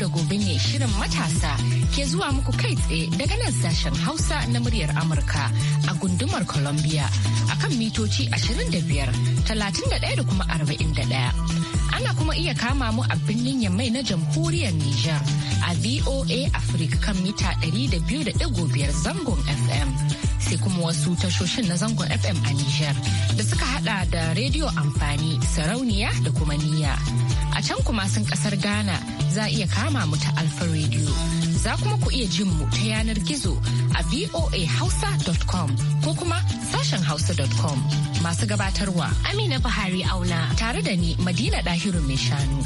da gobe ne shirin matasa ke zuwa muku kai tsaye daga nan sashen Hausa na muryar Amurka a gundumar Columbia kan mitoci 25, 31 da kuma 41. ana kuma iya kama mu a birnin yammai na jamhuriyar Nijar a VOA Africa kan mita 200.5 zangon FM. Sai kuma wasu tashoshin na zangon FM a Nijar da suka hada da rediyo amfani, sarauniya da kuma niya A can kuma sun kasar Ghana za iya kama mu ta Alfa Radio. Za kuma ku iya jin mu ta yanar gizo a voahausa.com ko kuma sashen hausa.com. Masu gabatarwa Amina Buhari Auna tare da ni Madina Dahiru mai shanu.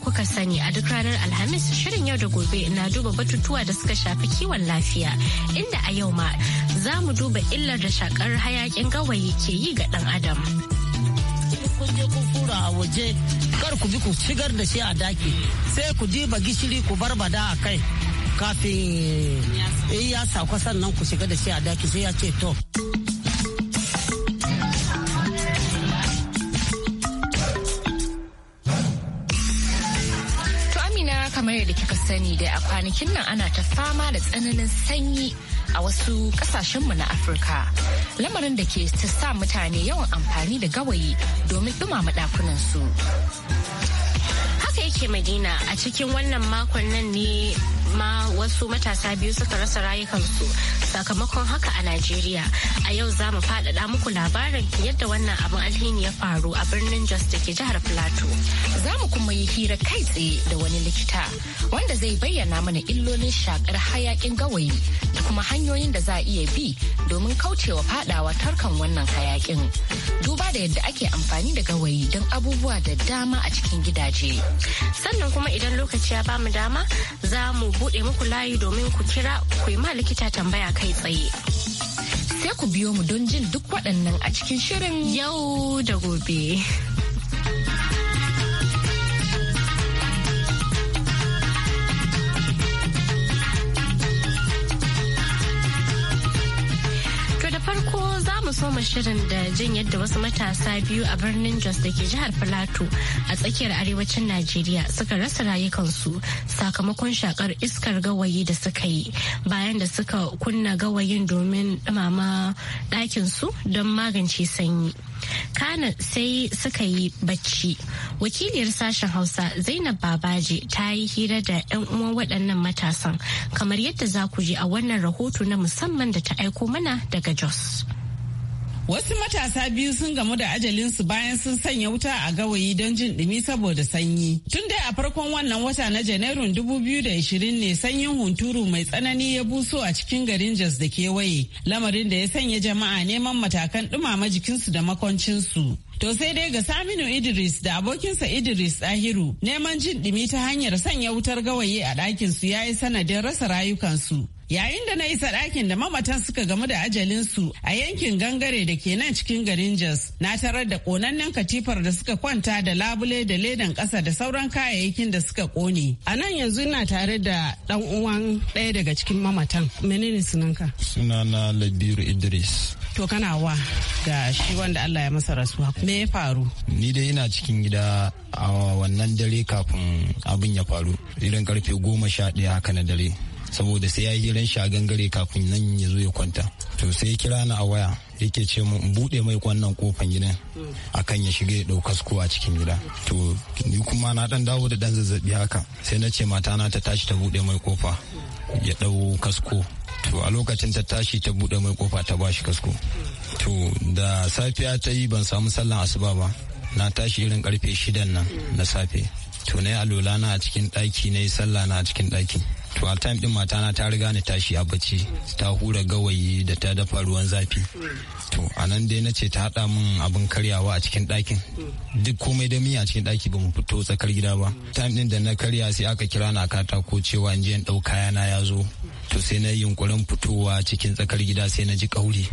kuka sani a duk ranar Alhamis shirin yau da gobe na duba batutuwa da suka shafi kiwon lafiya inda a yau ma za mu duba illar da shakar hayakin gawayi ke yi ga ɗan adam. kun je kun fura a waje kar ku bi ku shigar da shi a daki sai ku diba gishiri ku barbada a kai kafin ya sauka sannan ku shiga da shi a daki sai ya ce to. kamar yadda kika sani da a kwanakin nan ana ta fama da tsananin sanyi a wasu kasashenmu na Afirka. Lamarin da ke sa mutane yawan amfani da gawayi domin ɗumama su Haka yake Madina a cikin wannan makon nan ne ma wasu matasa biyu suka rasa rayukansu sakamakon haka a Najeriya. A yau za mu faɗaɗa muku labarin yadda wannan abin alhini ya faru a birnin Jos da ke jihar Filato. Za mu kuma yi hira kai tsaye da wani likita wanda zai bayyana mana illolin shakar hayakin gawayi da kuma hanyoyin da za a iya bi domin kaucewa faɗawa tarkan wannan hayakin. Duba da yadda ake amfani da gawayi don abubuwa da dama a cikin gidaje. Sannan kuma idan lokaci ya bamu dama za mu buɗe muku layi domin ku kira ku yi ma likita tambaya kai tsaye. Sai ku biyo mu don jin duk waɗannan a cikin shirin yau da gobe. soma shirin da jin yadda wasu matasa biyu a birnin Jos da ke jihar Filato a tsakiyar arewacin Najeriya suka rasa rayukansu sakamakon shakar iskar gawayi da suka yi bayan da suka kunna gawayin domin ɗumama su don magance sanyi. Kana sai suka yi bacci. Wakiliyar sashen Hausa Zainab Babaji ta yi hira da 'yan uwan waɗannan matasan kamar yadda za ku ji a wannan rahoto na musamman da ta aiko mana daga Jos. Wasu matasa biyu sun gamu da ajalinsu bayan sun sanya wuta a gawayi don jin ɗumi saboda sanyi. Tun dai a farkon wannan wata na Janairun 2020 ne sanyin hunturu mai tsanani ya buso a cikin garin Jos da kewaye, lamarin da ya sanya jama'a neman matakan dumama jikinsu da makoncinsu. To sai dai ga Saminu Idris da abokinsa Idris Ahiru neman jin ɗumi ta hanyar sanya wutar gawaye a ɗakinsu ya yi sanadin rasa rayukansu. Yayin da na isa ɗakin da mamatan suka gamu da ajalinsu a yankin gangare da ke nan cikin garin Jos, na tarar da ƙonannen katifar da suka kwanta da labule da ledan ƙasa da sauran kayayyakin da suka ƙone. A nan yanzu ina tare da ɗan uwan ɗaya daga cikin mamatan. Menene sunanka? Sunana Labiru Idris. to kana wa ga shi wanda Allah ya masa rasuwa me ya faru ni dai ina cikin gida a wannan dare kafin abin ya faru irin karfe goma sha ɗaya haka na dare saboda sai ya yi hiran shi a gangare kafin nan ya zo ya kwanta to sai ya kira ni a waya yake ce mu bude mai wannan kofan gidan akan ya shiga ya ɗau kasko a cikin gida to ni kuma na dan dawo da dan zazzabi haka sai na ce mata na ta tashi ta bude mai kofa ya ɗau kasko to a lokacin ta tashi ta bude mai kofa ta bashi kasko to da safiya ta yi ban samu sallan asuba ba na tashi irin karfe shidan nan na safe to na yi alola na a cikin ɗaki na yi sallah na a cikin ɗaki to a time din matana ta riga ni tashi a bacci ta hura gawayi da ta dafa ruwan zafi to a nan dai na ce ta haɗa min abin karyawa a cikin ɗakin duk komai da miya a cikin ɗaki ba mu fito tsakar gida ba time din da na karya sai aka kira na katako cewa in je in ɗau kayana ya zo to sai na yunkurin fitowa cikin tsakar gida sai na ji kauri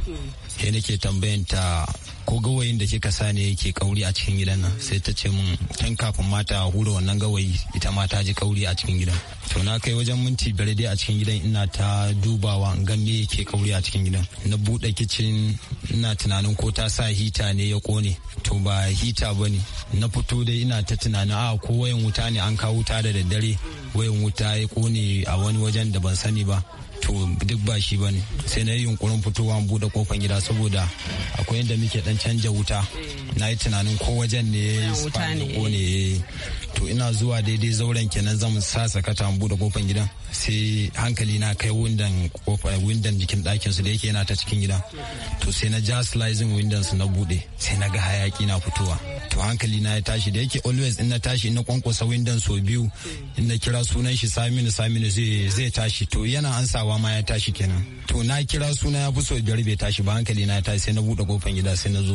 sai nake tambayan ta ko gawayin da kika sa ne yake kauri a cikin gidan nan sai ta ce min tun kafin mata hura wannan gawayi ita ma ta ji kauri a cikin gidan to na kai wajen minti biyar dai a cikin gidan ina ta dubawa in gan me yake kauri a cikin gidan na bude kicin ina tunanin ko ta sa hita ne ya kone to ba hita bane na fito dai ina ta tunanin a ah, ko wayan wuta ne an kawo wuta da daddare wayan wuta ya kone a wani wajen da ban sani ba to duk ba shi bane sai na yi yunkurin fitowa buɗe bude kofan gida saboda akwai yadda muke dan canja wuta na yi tunanin ko wajen ne ya yi ne eh. to ina zuwa daidai zauren kenan zan sa sakata buɗe bude kofan gidan sai hankali na kai windan windan jikin ɗakin su da yake yana ta cikin gida to sai na ja slicing windan su na bude sai na ga hayaki na fitowa to hankali na ya tashi da yake always in na tashi in na kwankwasa windan so biyu in na kira sunan shi saminu saminu zai tashi to yana ansa kawama ma ya tashi kenan to na kira suna ya fi so bai tashi ba hankali na tashi sai na bude kofan gida sai na zo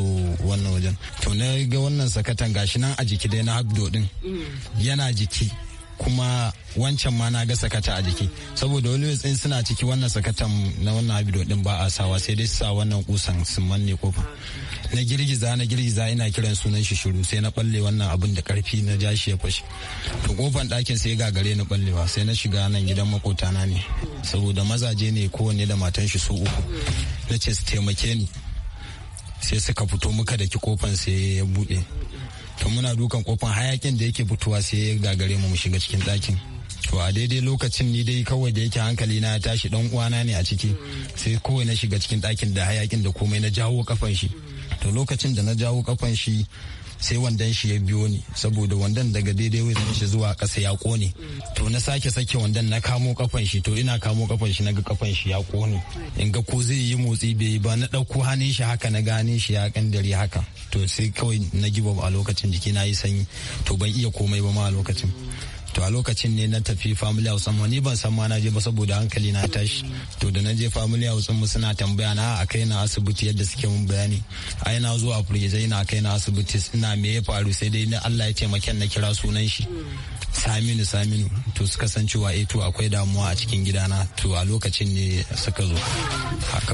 wannan wajen to na ga wannan sakatan gashi nan a jiki dai na habdo din yana jiki kuma wancan ma na ga sakata a jiki saboda wani tsin suna ciki wannan sakatan na wannan habdo din ba a sawa sai dai sa wannan kusan su manne kofa na girgiza na girgiza ina kiran sunan shi shiru sai na balle wannan abin da karfi na ja shi ya fashe to kofan ɗakin sai gagare ni ballewa sai na shiga nan gidan makotana ne saboda mazaje ne kowanne da matan shi su uku na ce su taimake ni sai suka fito muka da ki kofan sai ya buɗe to muna dukan kofan hayakin da yake fitowa sai ya gagare mu mu shiga cikin ɗakin to a daidai lokacin ni dai kawai da yake hankali na tashi dan uwana ne a ciki sai kowai na shiga cikin ɗakin da hayakin da komai na jawo kafan shi to lokacin da na jawo kafan shi sai wandon shi ya biyo ni saboda wandon daga daidai wai shi zuwa kasa ya kone to na sake sake wandon na kamo kafan shi to ina kamo kafan shi ga kafan shi ya kone in ga ko zai yi motsi bai ba na ɗauko hannun shi haka na gane shi ya kandare haka to sai kawai na gibo a lokacin jiki na yi sanyi to ban iya komai ba ma a lokacin to a lokacin ne na tafi family house amma ni ban san ma na je ba saboda hankali na tashi to da na je family house mu suna tambaya na a kai na asibiti yadda suke mun bayani ai na zo a furgize na kai na asibiti ina me ya faru sai dai na Allah ya taimake na kira sunan shi Saminu Saminu to suka san cewa eh to akwai damuwa a cikin gidana to a lokacin ne suka zo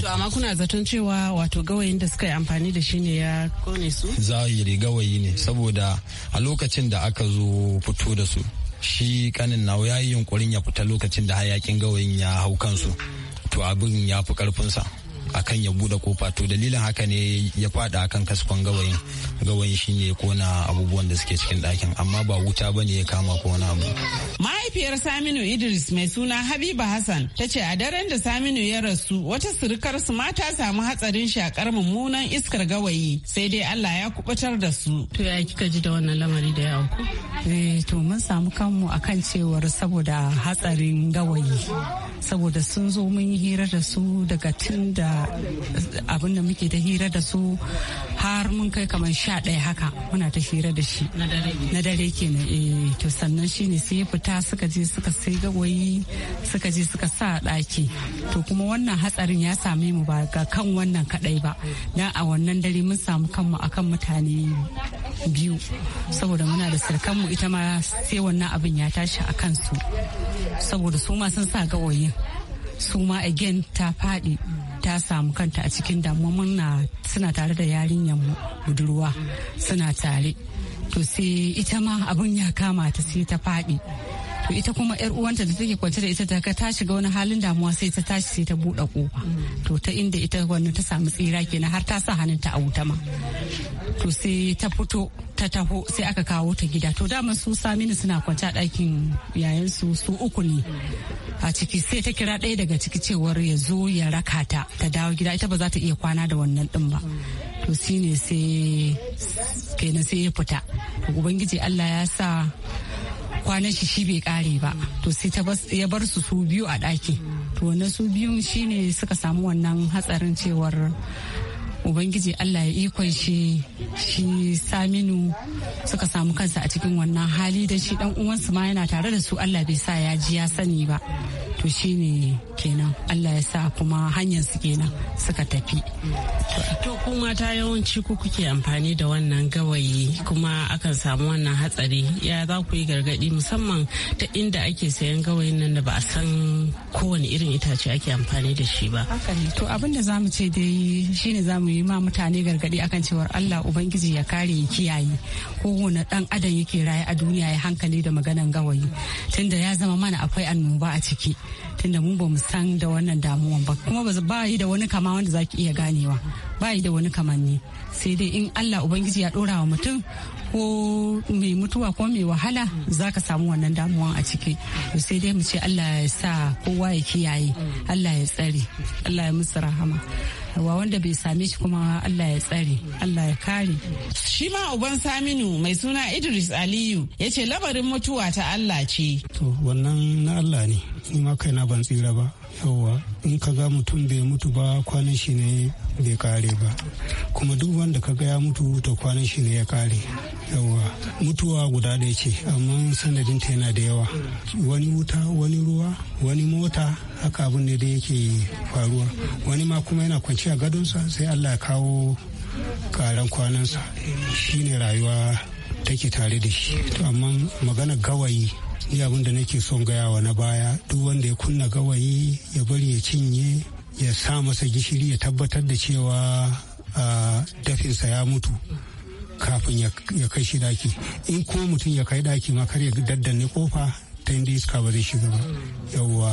to amma kuna zaton cewa wato gawayin da suka yi amfani da shi ne ya kone su zahiri gawayi ne saboda a lokacin da aka zo fito da su shi kanin nawo ya yi yunkurin ya fita lokacin da hayakin gawayin ya hau kansu to abin ya fi karfinsa akan ya bude kofa to dalilin haka ne ya fada akan kaskon gawayin gawayin shine kona abubuwan da suke cikin dakin amma ba wuta ba ne ya kama ko abu mahaifiyar saminu idris mai suna habiba hassan ta ce a daren da saminu ya rasu wata surukar su ma ta samu hatsarin shakar mummunan iskar gawayi sai dai allah ya kubutar da su to ya kika ji da wannan lamari da ya auku eh to mun samu kanmu akan cewar saboda hatsarin gawayi saboda sun zo mun yi hira da su daga tun da abin da muke ta hira da su har mun kai kamar sha ɗaya haka muna ta hira da shi na dare kenan e to sannan shi ne sai fita suka je suka sai gawayi suka je suka sa ɗaki to kuma wannan hatsarin ya same mu ba ga kan wannan kaɗai ba na a wannan dare mun samu kanmu akan mutane biyu saboda muna da sirkanmu ita ma sai wannan abin ya tashi a kansu saboda su ma sun sa gawayin su ma again ta faɗi ta samu kanta a cikin damuwa muna suna tare da yarinyar mu budurwa suna tare to sai ita ma abun ya kama ta sai ta faɗi to ita kuma yar uwanta da take kwance da ita ta ka ta shiga wani halin damuwa sai ta tashi sai ta buɗe kofa to ta inda ita wannan ta samu tsira kenan har ta sa hannun ta a wuta ma to sai ta fito ta taho sai aka kawo ta gida to dama su saminu suna kwance a ɗakin yayan su su uku ne a ciki sai ta kira ɗaya daga ciki cewar ya zo ya raka ta ta dawo gida ita ba za ta iya kwana da wannan ɗin ba to shine sai kenan sai ya fita ubangiji Allah ya sa kwanan shi shi bai kare ba to sai ta ya bar su su biyu a daki to wannan su biyun shine suka samu wannan hatsarin cewar ubangiji allah ya ikon shi shi saminu suka samu kansa a cikin wannan hali da shi dan uwansu ma yana tare da su allah bai sa ya ji ya sani ba to shi ne kenan allah ya sa kuma hanyar su kenan suka tafi to kuma ta yawanci ku kuke amfani da wannan gawayi kuma akan samu wannan hatsari ya za ku yi gargadi musamman ta inda ake sayan gawayin nan da ba a san kowane irin itace ake amfani da shi ba to abin da zamu ce dai shine zamu mu yi ma mutane gargadi akan cewar Allah ubangiji ya kare ya kiyaye kowane dan adam yake raye a duniya ya hankali da maganan gawayi tunda ya zama mana akwai annoba a ciki tunda mu ba mu san da wannan damuwan ba kuma ba yi da wani kama wanda zaki iya ganewa bayi da wani kamanni sai dai in allah ubangiji ya dora wa mutum ko mai mutuwa ko mai wahala za ka samu wannan damuwan a ciki sai dai mu ce allah ya sa kowa ya kiyaye allah ya tsare allah ya musu rahama wa wanda bai same shi kuma Allah ya tsare Allah ya kare shi ma uban Saminu mai suna Idris Aliyu ya ce labarin mutuwa ta Allah ce to wannan na Allah ne ni ma kaina ban tsira ba yawwa in ka ga mutum bai mutu ba kwanan shi ne bai kare ba kuma duk wanda ka ya mutu ta kwanan shi ne ya kare yawa mutuwa guda da ce amma sanadin ta yana da yawa wani wuta wani ruwa wani mota haka abin ne da yake faruwa wani ma kuma yana kwanci a gadonsa sai allah ya kawo karan kwanansa shine rayuwa take tare da shi to amma magana gawayi ni abin da nake son gayawa na baya duk wanda ya kunna gawayi ya bari ya cinye ya sa masa gishiri ya tabbatar da cewa dafinsa ya mutu kafin ya kai shi daki in ko mutum ya kai daki ma kar ya daddanne kofa ta inda iska ba zai shiga ba yawwa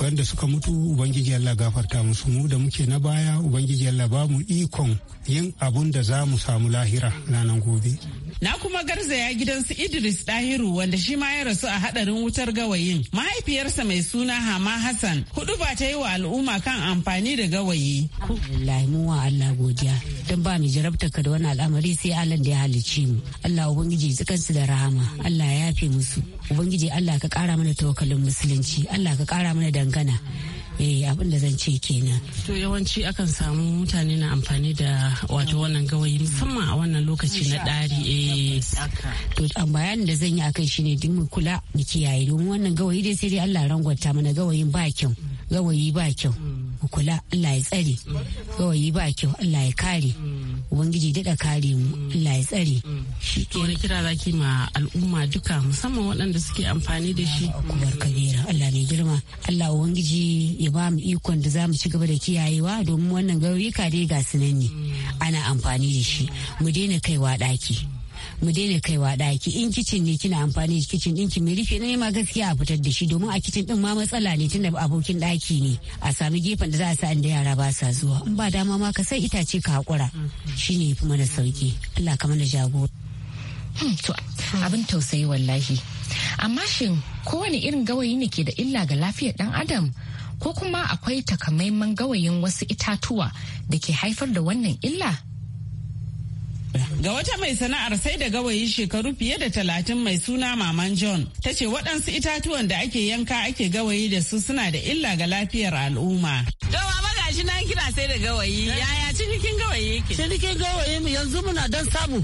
wanda suka mutu ubangiji Allah gafarta musu mu da muke na baya ubangiji Allah ba mu ikon yin abun da za mu samu lahira na nan gobe na kuma garzaya gidansu Idris Dahiru wanda shi ma ya rasu a hadarin wutar gawayin mahaifiyarsa mai suna Hama Hassan hudu ba ta yi wa al'umma kan amfani da gawayi alhamdulillah mu wa Allah godiya dan ba mu jarabta ka da wani al'amari sai Allah da ya halicci mu Allah ubangiji tsikansu da rahama Allah ya yafe musu ubangiji Allah ka kara mana tawakalin musulunci Allah ka kara mana dangana e abin da zan ce kenan to yawanci akan samu mutane na amfani da wato wannan gawayi musamman a wannan lokaci na dari e eh. to bayan da zan yi akai shine duk mu kula mu kiyaye domin wannan gawayi dai sai dai Allah rangwata mana gawayin ba kyau gawayi ba kyau kula Allah ya tsare gawayi ba kyau Allah ya kare ubangiji daɗa kare mu Allah ya tsare to wani kira zaki ma al'umma duka musamman waɗanda suke amfani da shi kubar kabera Allah mai girma Allah ubangiji ya ba mu ikon da za mu ci gaba da kiyayewa domin wannan gauyuka dai ga sunan ne ana amfani da shi mu daina kaiwa ɗaki mu daina kaiwa ɗaki in kicin ne kina amfani da kicin ɗinki mai rufe na ma gaskiya a fitar da shi domin a kicin ɗin ma matsala ne tunda abokin ɗaki ne a sami gefen da za a sa inda yara ba sa zuwa in ba dama ma ka sai itace ka haƙura shi ne yafi mana sauki Allah ka mana jagora. Hmm, abin tausayi wallahi amma shin kowane irin gawayi ne ke da illa ga lafiyar ɗan adam ko kuma akwai takamaiman gawayin wasu itatuwa da ke haifar da wannan illa Ga wata mai sana'ar sai da gawayi shekaru fiye da talatin mai suna Maman John, ta ce waɗansu itatuwan da ake yanka ake gawayi da su suna da illa ga lafiyar al'umma. shi nan kira sai da gawayi yaya cinikin gawayi yake cinikin gawayi mu yanzu muna dan samu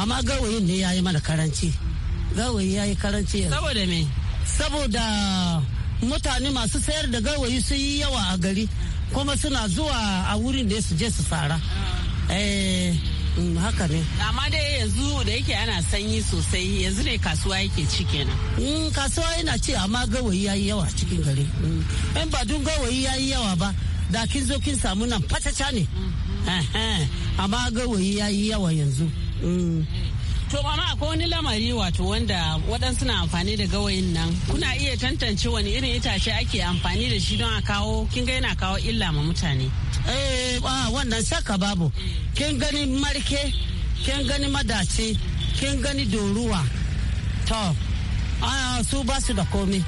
amma gawayin ne yayi mana karanci gawayi yayi karanci saboda me saboda mutane masu sayar da gawayi sun yi yawa a gari kuma suna zuwa a wurin da su je su sara eh Mm, haka ne amma dai yanzu da yake ana sanyi sosai yanzu ne kasuwa yake ci kenan mm, kasuwa yana ci amma gawayi yayi yawa cikin gari mm, in ba dun gawayi yayi yawa ba da kin zo kin samu nan fataca ne mm-hmm. amma gawayi yayi yawa yanzu To amma akwai wani lamari wato wanda wadan suna amfani da gawayin nan kuna iya tantance wani irin itace ake amfani da shi don a kawo kin ga yana kawo illa ma mutane. Eh wannan saka babu kin gani marke kin gani madaci kin gani doruwa to su ba su da komai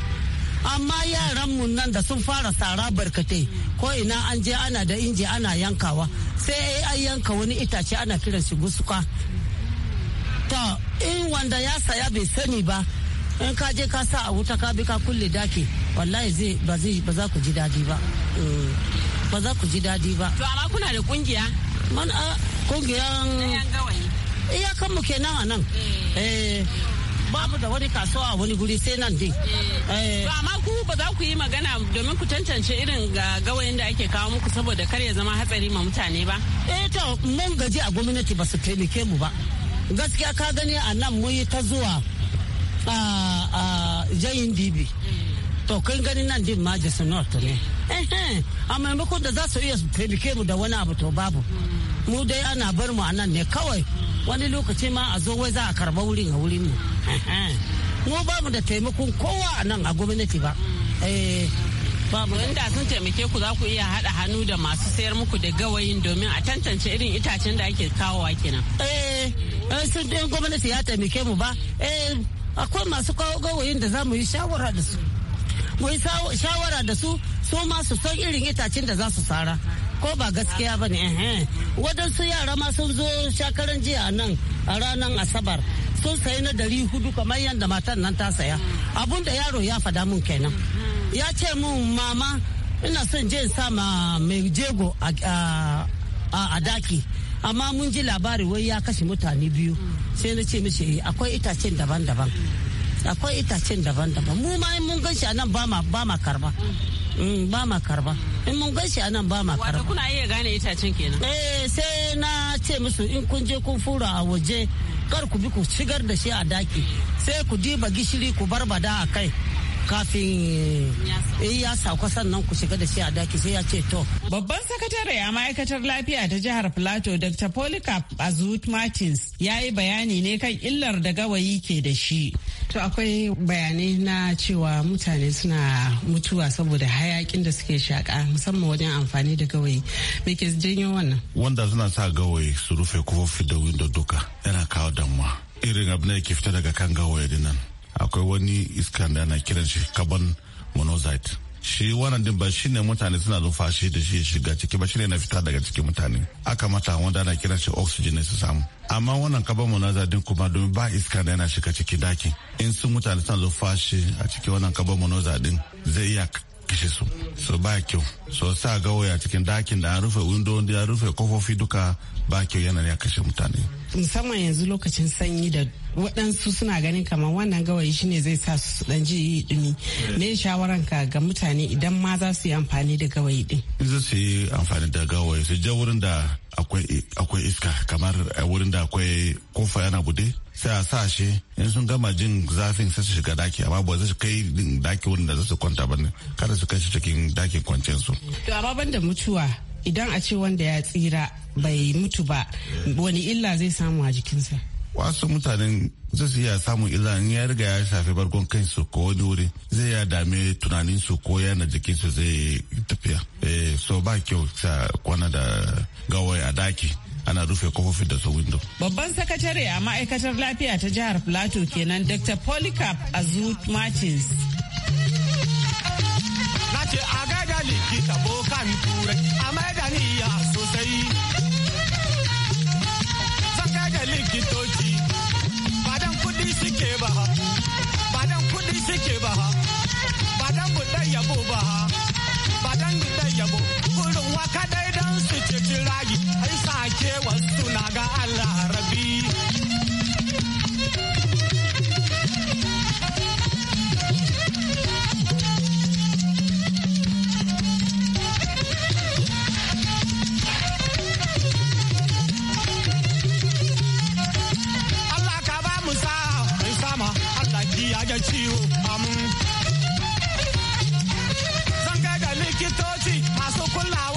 amma yaran mu nan da sun fara tsara barkatai ko ina an je ana da inji ana yankawa sai an yanka wani itace ana kiran shi ta uh, in wanda ya saya bai sani ba in ka je ka sa a wuta ka bi ka kulle daki wallahi zai ba zai ba za ku ji dadi ba mm. ba za ku ji dadi ba to amma kuna da kungiya man a uh, kungiyan kan mu kenan a nan eh. eh babu da wani kasuwa a wani guri sai nan dai eh, eh. amma ku ba za ku yi magana domin ku tantance irin ga gawayin da ake kawo muku saboda kar ya zama hatsari ma mutane ba eh to mun gaji a gwamnati ba su taimake mu ba gaskiya ka gani a nan yi ta zuwa a jayin dibi to kai gani nan din ma jasa north ne a maimakon da za su iya taimake mu da wani abu to babu mu dai ana bar mu a nan ne kawai wani lokaci ma a zo wai za a karba wurin a wurin mu mu ba da taimakon kowa a nan a gwamnati ba eh, babu inda sun taimake ku za ku iya haɗa hannu da masu sayar muku da gawayin domin a tantance irin itacen da ake kawowa kenan eh in sun gwamnati ya taimake mu ba eh akwai masu gawayin da za yi shawara da su mu yi shawara da su su ma su san irin itacen da za su sara ko ba gaskiya ba ne eh, eh. waɗansu yara ma sun zo shakaran jiya nan a ranar asabar sun sayi na dari hudu kamar yadda matan nan ta saya abun da yaro ya fada mun kenan ya ce mun mama ina son je sama mai jego a daki amma mun ji labari wai ya kashe mutane biyu sai na ce mishi eh, akwai itacen daban-daban akwai itacen daban-daban mu ma in mun gan shi anan ba ma ba ma karba mm, ba ma karba in mun gan shi anan ba ma karba wato kuna iya gane itacen kenan eh sai na ce musu in kun je kun fura a waje kar ku bi ku shigar da shi a daki sai ku diba gishiri ku barbada a kai kafin in ya sauka sannan ku shiga da shi a daki sai ya ce to. Babban sakatare a ma'aikatar lafiya ta jihar Plateau Dr. Polycarp Azut Martins ya yi bayani ne kan illar da gawayi ke da shi. To akwai bayanai na cewa mutane suna mutuwa saboda hayakin da suke shaka musamman wajen amfani da gawayi. Me ke janyo wannan? Wanda suna sa gawayi su rufe kofofi da windo duka yana kawo damuwa. Irin abin da ke fita daga kan gawayi nan. akwai wani iska da ana kiran shi carbon monoxide shi wannan din ba shine mutane suna numfashi da shi shiga ciki ba shine na fita daga cikin mutane aka mata wanda ana kiran shi oxygen su samu amma wannan carbon monoxide din kuma domin ba iska da yana shiga ciki daki in sun mutane suna numfashi a cikin wannan carbon monoxide din zai iya kishi su so ba kyau so sa gawaya cikin dakin da an rufe window da an rufe kofofi duka ba kyau yana ya kashe mutane musamman yanzu lokacin sanyi da waɗansu suna ganin kamar wannan gawayi shine zai sa su dan ji dumi me shawaran ka ga mutane idan ma za su yi amfani da gawayi din in su yi amfani da gawayi su je wurin da akwai iska kamar eh, wurin da akwai kofa yana bude sai a sa in sun gama jin zafin sai su shiga daki amma ba su kai daki wanda za su kwanta ba ne kada su kai shi cikin dakin kwanciyar su. to amma banda mutuwa idan a ce wanda ya tsira bai mutu ba wani illa zai samu a jikinsa. wasu mutanen zai su iya samun illa in ya riga ya shafi bargon kansu ko wani wuri zai ya dame tunanin su ko yana su zai tafiya eh, so ba kyau sa kwana da gawai a daki ana rufe kofofin da su window. Babban sakatare a ma'aikatar lafiya ta jihar Plateau kenan Dr. Polycarp Azu Martins. Na a gaida likita bokan turai a sosai. likitoci badan kudi suke ba badan kudi suke ba yabo ba badan budan yabo. Kurin waka daidan su ce rayu. ke wasu na ga Allah rabi. Allah ka ba mu sa mai sama Allah ya ga ciwo amin. Zan ga likitoci masu kulawa.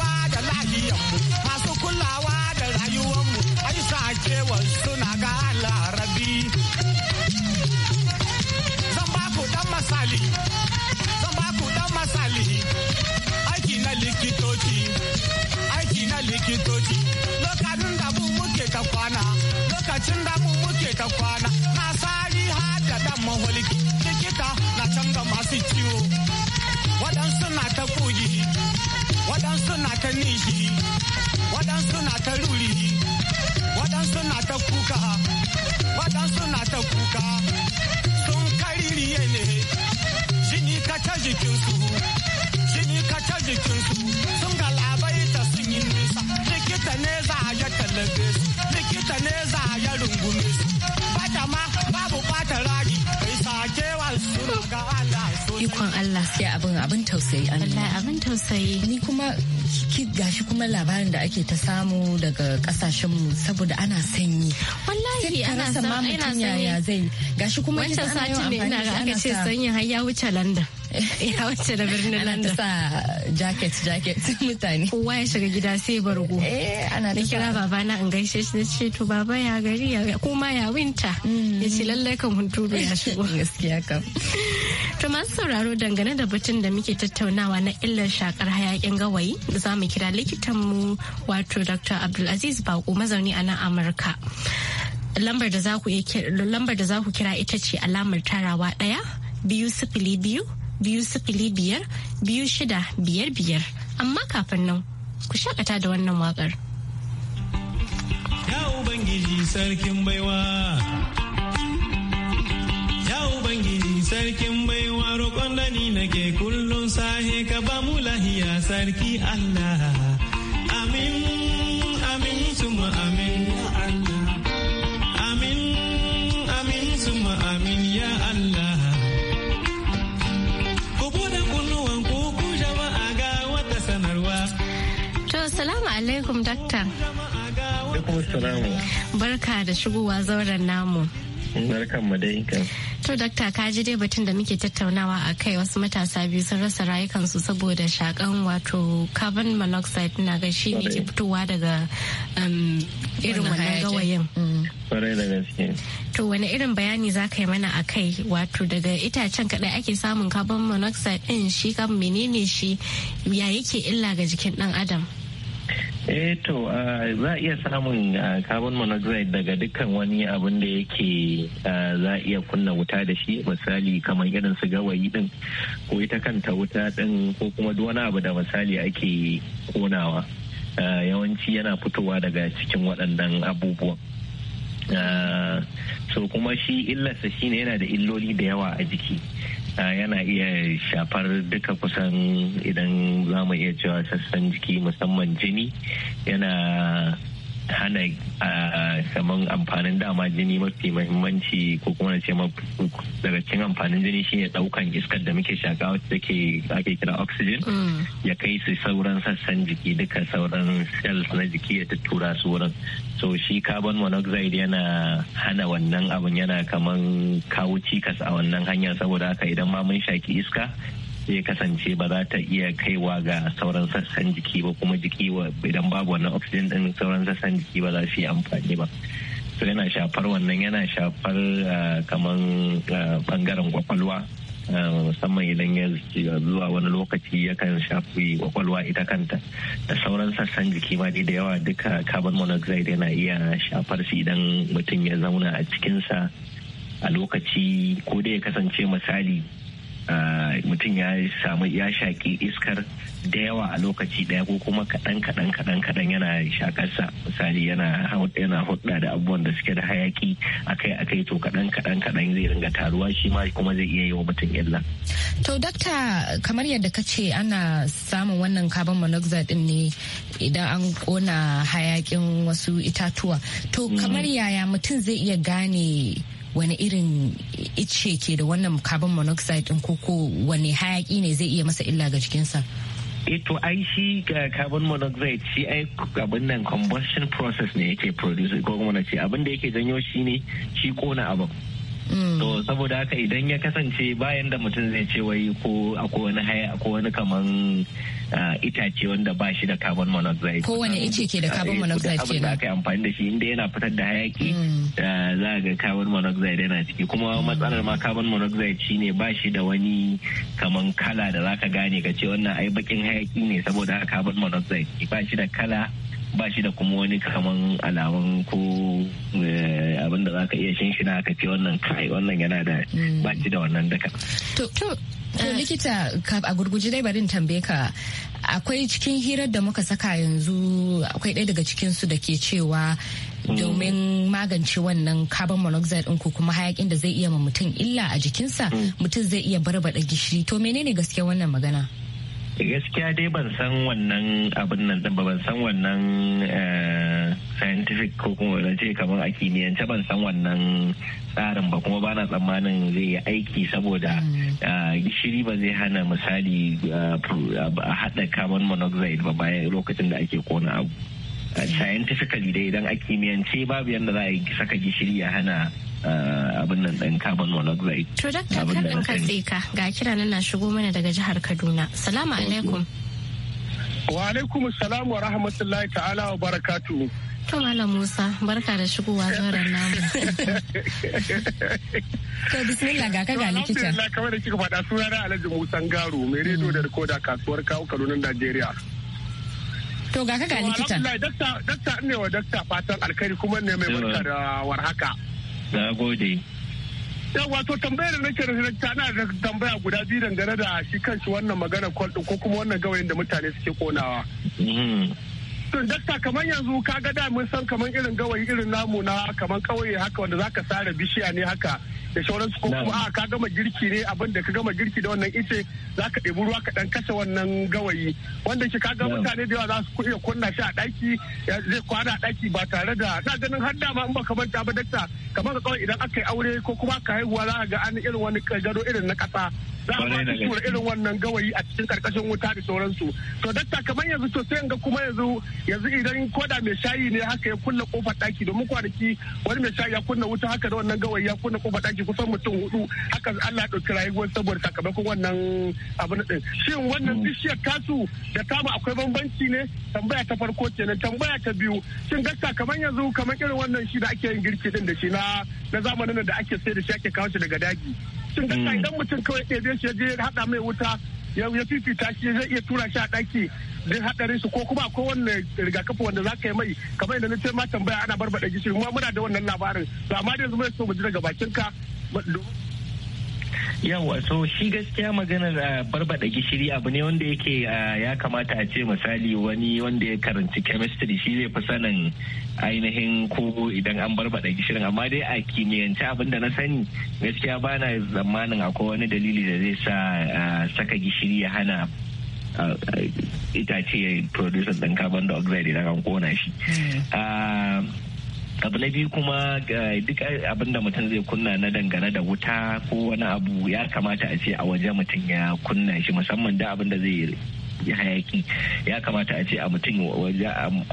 lokacin da mu muke ta kwana na sari har da dan maholiki likita na canza masu ciwo waɗansu na ta kogi waɗansu na ta nishi waɗansu na ta ruri waɗansu na ta kuka waɗansu na ta kuka ikon Allah sai abin abin tausayi an abin tausayi ni kuma ki gashi kuma labarin da ake ta samu daga kasashen mu saboda ana sanyi wallahi ana sanyi ana sanyi gashi kuma wancan satin da ina ga aka ce sanyi har ya wuce London Eh, ya wuce da birnin London. Ana sa jacket jacket mutane. Kowa ya shiga gida sai bargo. Eh ana ta kira baba na in gaishe shi na ce to baba ya gari ya kuma ya winta. Mm. Ya ce lallai kan hunturu ya shigo. Gaskiya kam. To masu sauraro dangane da batun da muke tattaunawa na illar shakar hayakin gawayi za mu kira likitanmu wato Dr. Abdulaziz Bako mazauni a nan Amurka. Lambar da za ku kira ita ce alamar tarawa ɗaya biyu sifili biyu biyu sifili biyar biyu shida biyar biyar amma kafin nan ku shakata da wannan wakar. Ya Ubangiji sarkin baiwa. Ya Ubangiji sarkin baiwa roƙon da ni nake kullum sahe ka ba mu lahiya sarki Allah. Amin, amin, suma amin. alaikum dakta. Barka da shigowa zauren namu. mu To dakta ka ji dai batun da muke tattaunawa a kai wasu matasa biyu sun rasa rayukansu saboda shakan wato carbon monoxide na ga shi ne ke fitowa daga um, irin wannan gawayin. Mm. To wani irin bayani za ka yi mana a kai wato daga itacen kaɗai ake samun carbon monoxide ɗin shi kan menene shi ya yake illa ga jikin ɗan adam. eh to za a iya samun carbon monoxide daga dukkan wani abin da yake za a iya kunna wuta da shi misali kamar irin su gawayi din ko ita kanta wuta din ko kuma duk wani abu da misali ake konawa yawanci yana fitowa daga cikin waɗannan abubuwan so kuma shi illarsa shine yana da illoli da yawa a jiki yana iya shafar duka kusan idan za mu iya cewa sassan jiki musamman jini yana hana kamar amfanin dama jini mafi mahimmanci ko kuma na ce daga cikin amfanin jini shi ne daukan iskar da muke shaka wacce take ake kira oxygen mm. ya kai su sauran sassan jiki duka sauran cells na jiki ya tattura su wurin so shi carbon monoxide yana hana wannan abun yana kamar kawo cikas a wannan hanya saboda haka idan ma mun shaki iska sai kasance ba za ta iya kaiwa ga sauran sassan jiki ba kuma jiki idan babu wannan oxygen din sauran sassan jiki ba za su yi amfani ba so yana shafar wannan yana shafar ah, kamar bangaren ah, kwakwalwa ah, musamman idan ya zuwa wani lokaci yakan shafi kwakwalwa ita kanta da sauran sassan jiki ma da yawa duka carbon monoxide yana iya shafar shi idan mutum ya zauna a cikinsa a lokaci ko da ya kasance misali mutum ya samu ya shaƙi iskar da yawa a lokaci ɗaya ko kuma kaɗan kaɗan kaɗan kaɗan yana shakarsa misali yana yana hudda da abubuwan da suke da hayaki akai akai to kaɗan kaɗan kaɗan zai ringa taruwa shi ma kuma zai iya yi wa mutum illa. To dakta kamar yadda ka ce ana samun wannan carbon monoxide din ne idan an kona hayakin wasu itatuwa to mm. kamar yaya mutum zai iya gane wani irin ice ke da wannan carbon monoxide din koko wani hayaki ne zai iya masa illa ga jikinsa eh, to ai shi ga eh, carbon monoxide shi ai abin nan combustion process ne yake produce ko kuma na ce abin da yake janyo shi ne shi kona abin Mm. to saboda haka idan ya kasance bayan da mutum zai ce wai ko akwai wani haya ko wani kaman ah, itace wanda ba shi da carbon monoxide kowane ice ke da carbon eh, monoxide kenan abin da aka yi amfani da shi inda yana fitar da hayaki mm. za ga carbon monoxide yana ciki kuma mm. matsalar ma carbon monoxide shine ba shi da wani kaman kala da zaka gane ka ce wannan ai bakin hayaki ne saboda carbon monoxide ba shi da kala ba shi da kuma wani kaman alamun ko eh, abin da za ka iya shinshina ka ce wannan kai wannan yana da mm. ba shi da wannan daga. To, eh. likita a gurguji dai barin tambaye ka akwai cikin hirar da muka saka yanzu akwai ɗaya daga cikinsu da ke cewa mm. domin magance wannan carbon monoxide ɗin ko kuma hayakin da zai iya ma mutum illa a jikinsa mm. mutum zai iya barbada gishiri to menene gaske wannan magana? gaskiya dai ban san wannan abin nan ba ban san wannan eh, scientific ko kuma wani ce kamar a kimiyyance ban san wannan tsarin ba kuma bana tsammanin zai yi aiki saboda hmm. eh, gishiri ba zai hana misali eh, haɗa carbon monoxide ba bayan lokacin da ake kona abu hmm. scientifically dai idan a kimiyyance babu yadda za a saka gishiri ya hana Eh, abin nan ɗin carbon monoxide. To dakta kan ɗin ka ga kira nan na shigo mana daga jihar Kaduna. Salamu alaikum. Wa alaikum salam wa rahmatullahi ta'ala wa barakatu. To Malam Musa, barka da shigowa ran namu. To bismillah ga ka ga likita. Allah kawai da kika faɗa suna na Alhaji Musa Ngaro, mai hmm. rediyo da rikoda kasuwar kawo Kaduna Najeriya. To ga ka ga likita. Alhamdulillah dakta ne wa dakta fatan alkhairi kuma ne mai barka da warhaka. haka. Na gode. wato to tambayar da nake da na da tambaya guda biyu dangane da shi kanshi wannan magana kwalɗin ko kuma wannan gawayin da mutane suke konawa. Mm-hmm. Tun dakta kamar yanzu ka ga da mun san kamar irin gawayi irin namu na kamar kauye haka wanda zaka sare bishiya ne haka da sauransu ko kuma a ka gama girki ne abin da ka gama girki da wannan ice za ka ɗebi ruwa kaɗan ɗan kasa wannan gawayi wanda shi ka ga mutane da yawa za su iya kunna shi a ɗaki zai kwana a ɗaki ba tare da na ganin har dama in ka manta ba dakta kamar ka kawai idan aka yi aure ko kuma ka haihuwa za ka ga an irin wani gado irin na ƙasa za a irin wannan gawayi a cikin karkashin wuta da sauransu to dakta kamar yanzu to sai ga kuma yanzu yanzu idan koda mai shayi ne haka ya kunna kofar daki domin kwanaki wani mai shayi ya kunna wuta haka da wannan gawayi ya kunna kofar daki kusan mutum hudu haka Allah ya dauki rayuwar saboda sakamakon wannan abin din shin wannan mm. bishiyar tasu da kama akwai bambanci ne tambaya ta farko kenan tambaya ta biyu shin dakta kamar yanzu kamar irin wannan shi da ake yin girki din da shi na na zamanin da ake sai da shi ake kawo shi daga daji shin ga mm. idan mutum kawai ɗebe shi je haɗa mai wuta ya fifita shi zai iya tura shi a daki din haɗarin su ko kuma ko wannan rigakafi wanda za ka yi mai kamar yadda na ce ma tambaya ana barbaɗa gishiri kuma muna da wannan labarin to amma dai zuma so mu ji daga bakin ka yawa so shi gaskiya maganar a ah, barbada gishiri abu ne wanda yake ah, ya kamata a ce misali wani wanda ya karanci chemistry shi zai fi sanin ainihin ko idan an barbada gishirin amma dai a kimiyyance abin da na sani gaskiya ba na zamanin akwai wani dalili da zai sa ah, saka gishiri ya hana itace ya producing ɗin carbon dioxide idan an kona shi hmm. abu na biyu kuma duk abin da mutum zai kunna na dangane da wuta ko wani abu ya kamata a ce a waje mutum ya kunna shi musamman da abin da zai ya hayaki ya kamata a ce a mutum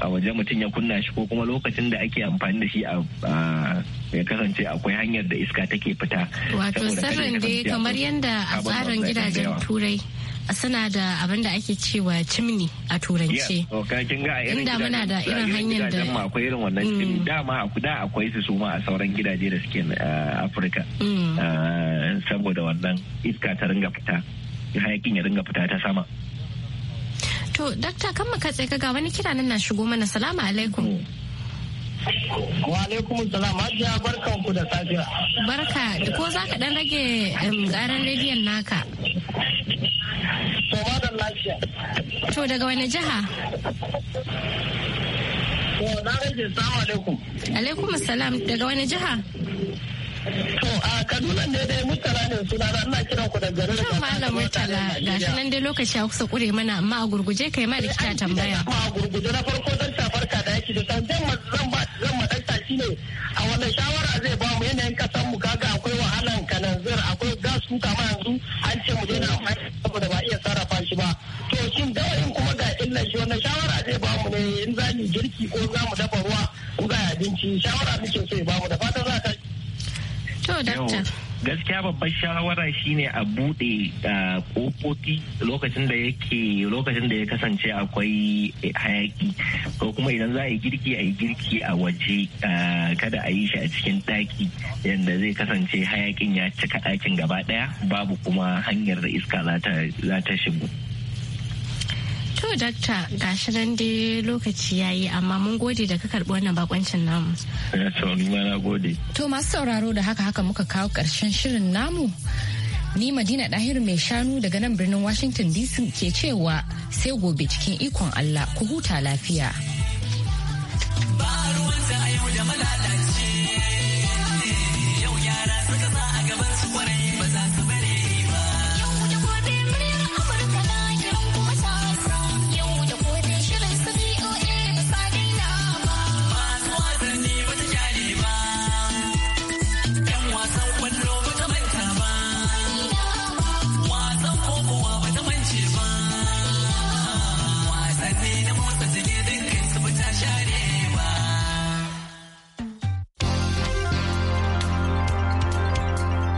a waje mutum ya kunna shi ko kuma lokacin da ake amfani da shi a ya kasance akwai hanyar da iska take fita wato sarrin dai kamar yadda a tsarin gidajen turai suna da abinda ake cewa cimni a turance. Inda muna da irin hanyar da akwai irin wannan mm. cimni dama da akwai su suma a sauran gidaje da suke uh, Afirka. Mm. Uh, saboda wannan iska ta ringa fita hayakin ya ringa fita ta sama. To, dakta kan ka tsaye ga wani kira nan na shigo mana salamu alaikum. Mm. Wa alaikum salam hajiya barkan ko za ka dan rage karan rediyon naka. To daga wani jiha? To daga wani jiha? To a Kaduna ne dai suna na kiran ku da garin da Malam Murtala nan dai lokaci a kusa kure mana amma a gurguje kai ma likita tambaya. A gurguje na farko zan ta farka da yake da ne a wanda shawara zai ba mu yanayin kasan mu kaga akwai wahalan kananzir akwai gas kuka ma yanzu an ce mu daina amfani saboda ba iya sarrafa shi ba to shin gawayin kuma ga illan shi wannan shawara zai ba mu ne in za mu girki ko za mu dafa ruwa ko ga abinci shawara muke so ya ba mu da fatan za ta to dakta gaskiya babbar shawara shine a bude kofofi lokacin da yake lokacin da ya kasance akwai hayaki ko kuma idan za a yi girki a yi girki a waje kada a yi shi a cikin daki yadda zai kasance hayakin ya cika dakin gaba daya babu kuma hanyar da iska za ta shigo. To dakta gashi nan dai lokaci yayi amma mun gode da ka karbi wannan bakoncin namu. Eh, na gode. To masu sauraro da haka haka muka kawo karshen shirin namu. Ni Madina Dahir mai shanu daga nan birnin Washington DC ke cewa sai gobe cikin ikon Allah ku huta lafiya.